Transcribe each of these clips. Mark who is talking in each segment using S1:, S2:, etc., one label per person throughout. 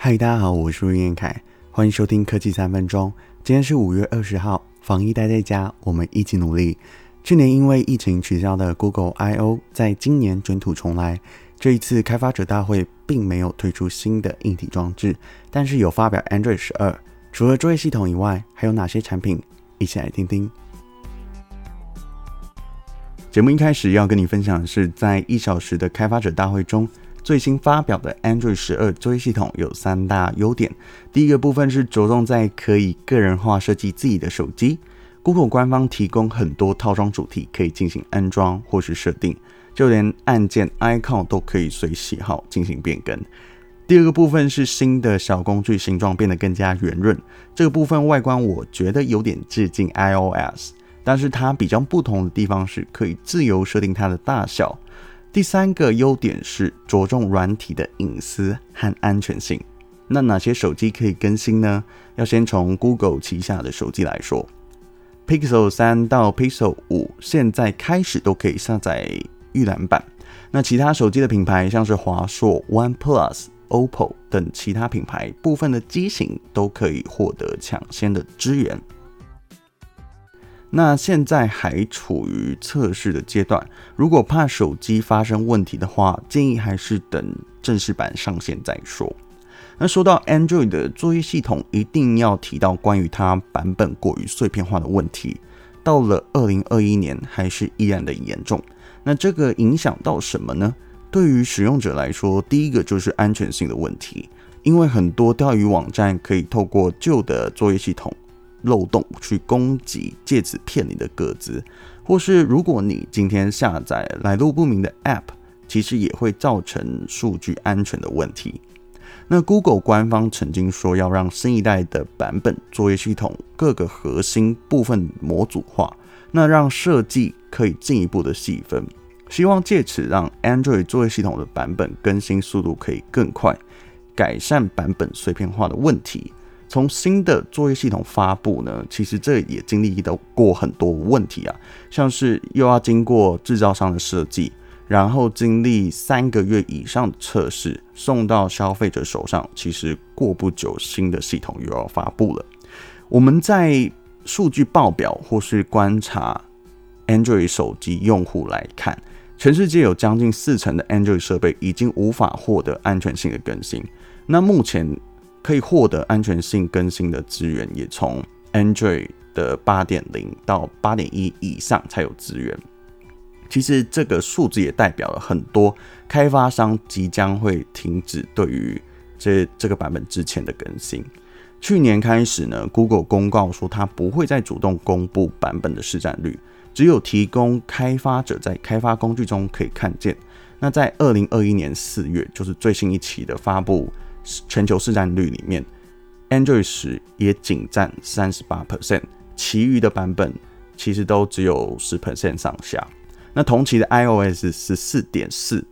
S1: 嗨，Hi, 大家好，我是郁彥凱，歡迎收聽科技三分鐘。今天是五月二十號，防疫待在家，我們一起努力。去年因為疫情取消的 Google I/O，在今年捲土重來。這一次開發者大會並沒有推出新的硬體裝置，但是有發表 Android 十二。除了作業系統以外，還有哪些產品？一起來聽聽。節目一開始要跟你分享的是，在一小時的開發者大會中，最新發表的 Android 十二作業系統有三大優點。第一個部分是着重在可以個人化設計自己的手機，Google 官方提供很多套裝主題可以進行安裝或是設定，就連按鍵 icon 都可以隨喜好進行變更。第二個部分是新的小工具形狀變得更加圓潤，這個部分外觀我覺得有點致敬 iOS，但是它比較不同的地方是可以自由設定它的大小。第三個優點是着重軟體的隱私和安全性。那哪些手機可以更新呢？要先從 Google 旗下的手機來說，Pixel 3到 Pixel 5現在開始都可以下載預覽版。那其他手機的品牌，像是華碩、OnePlus、OPPO 等其他品牌部分的機型，都可以獲得搶先的支援。那現在還處於測試的階段，如果怕手機發生問題的話，建議還是等正式版上線再說。那說到 Android 的作業系統，一定要提到關於它版本過於碎片化的問題。到了2021年，還是依然的嚴重。那這個影響到什麼呢？對於使用者來說，第一個就是安全性的問題，因為很多釣魚網站可以透過舊的作業系統。漏洞去攻擊，借此騙你的個資，或是如果你今天下載來路不明的 App，其實也會造成數據安全的問題。那 Google 官方曾經說要讓新一代的版本作業系統各個核心部分模組化，那讓設計可以進一步的細分，希望借此讓 Android 作業系統的版本更新速度可以更快，改善版本碎片化的問題。從新的作業系統發布呢，其實這也經歷到過很多問題啊，像是又要經過制造商的設計，然後經歷三個月以上的測試，送到消費者手上。其實過不久，新的系統又要發布了。我們在數據報表或是觀察 Android 手機用戶來看，全世界有將近四成的 Android 設備已經無法獲得安全性的更新。那目前。可以獲得安全性更新的支援也從 Android 的八點零到八點一以上才有支援。其實這個數字也代表了很多開發商即將會停止對於這這個版本之前的更新。去年開始呢，Google 公告說它不會再主動公布版本的市占率，只有提供開發者在開發工具中可以看見。那在二零二一年四月，就是最新一期的發布。全球市占率裡面，Android 十也僅占三十八 percent，其餘的版本其實都只有十 percent 上下。那同期的 iOS 十四點四，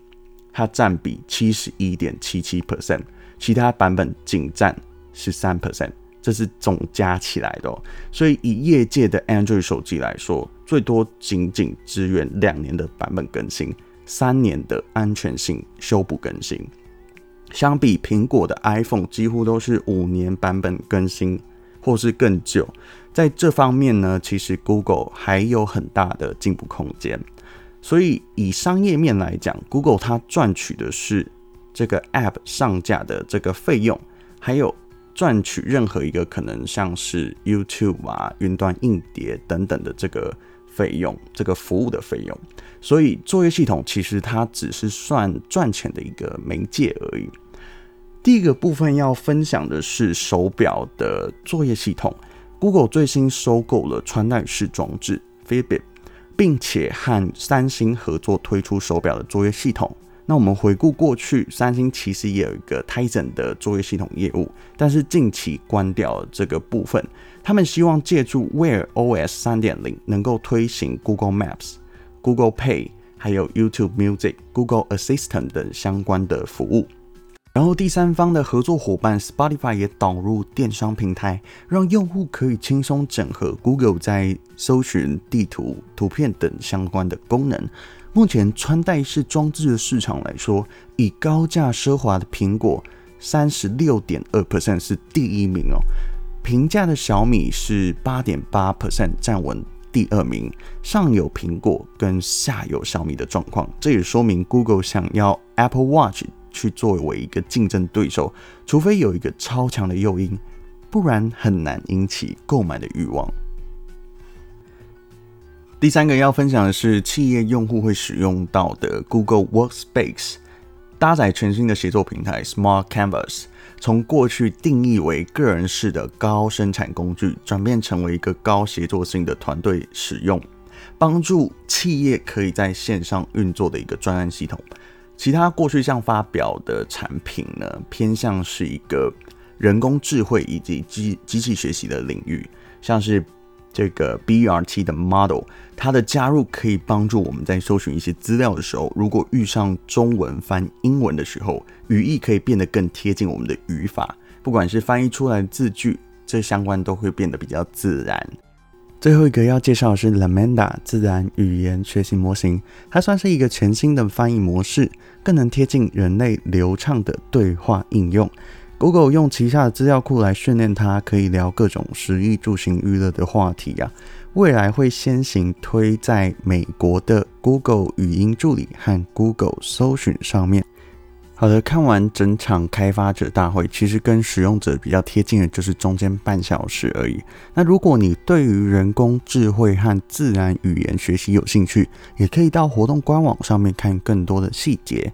S1: 它占比七十一點七七 percent，其他版本僅占十三 percent，這是總加起來的喔。所以以業界的 Android 手機來說，最多僅僅支援兩年的版本更新，三年的安全性修補更新。相比蘋果的 iPhone，幾乎都是五年版本更新，或是更久。在這方面呢，其實 Google 還有很大的進步空間。所以以商業面來講，Google 它賺取的是這個 App 上架的這個費用，還有賺取任何一個可能像是 YouTube 啊、雲端硬碟等等的這個費用、這個服務的費用。所以作業系統其實它只是算賺錢的一個媒介而已。第一個部分要分享的是手表的作業系統。Google 最新收購了穿戴式裝置 Fitbit，並且和三星合作推出手表的作業系統。那我們回顧過去，三星其實也有一個 Tizen 的作業系統業務，但是近期關掉了這個部分。他們希望借助 Wear OS 三點零能夠推行 Google Maps、Google Pay，還有 YouTube Music、Google Assistant 等相關的服務。然後第三方的合作夥伴 Spotify 也導入電商平台，讓用戶可以輕鬆整合 Google 在搜尋、地圖、圖片等相關的功能。目前穿戴式裝置的市場來說，以高價奢華的蘋果三十六點二 percent 是第一名哦，平價的小米是八點八 percent 站穩第二名，上有蘋果跟下有小米的狀況，這也說明 Google 想要 Apple Watch。去作為一個競爭對手，除非有一個超強的誘因，不然很難引起購買的欲望。第三個要分享的是，企業用戶會使用到的 Google Workspace 搭載全新的協作平台 Smart Canvas，從過去定義為個人式的高生產工具，轉變成為一個高協作性的團隊使用，幫助企業可以在線上運作的一個專案系統。其他過去像發表的產品呢，偏向是一個人工智慧以及機機器學習的領域，像是這個 BERT 的 model，它的加入可以幫助我們在搜尋一些資料的時候，如果遇上中文翻英文的時候，語義可以變得更貼近我們的語法，不管是翻譯出來字句，這相關都會變得比較自然。最後一個要介紹的是 LaMDA 自然語言學習模型，它算是一個全新的翻譯模式，更能貼近人類流暢的對話應用。Google 用旗下的資料庫來訓練它，可以聊各種食衣住行娛樂的話題啊。未來會先行推在美國的 Google 語音助理和 Google 搜尋上面。好的，看完整場開發者大會，其實跟使用者比較貼近的就是中間半小時而已。那如果你對於人工智慧和自然語言學習有興趣，也可以到活動官網上面看更多的細節。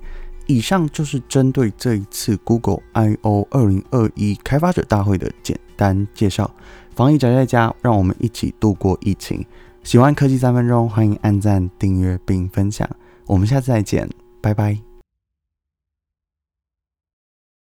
S1: 以上就是針對這一次 Google I/O 2021開發者大會的簡單介紹。防疫宅在家，讓我們一起度過疫情。喜歡科技三分鐘，歡迎按讚、訂閱並分享。我們下次再見，拜拜。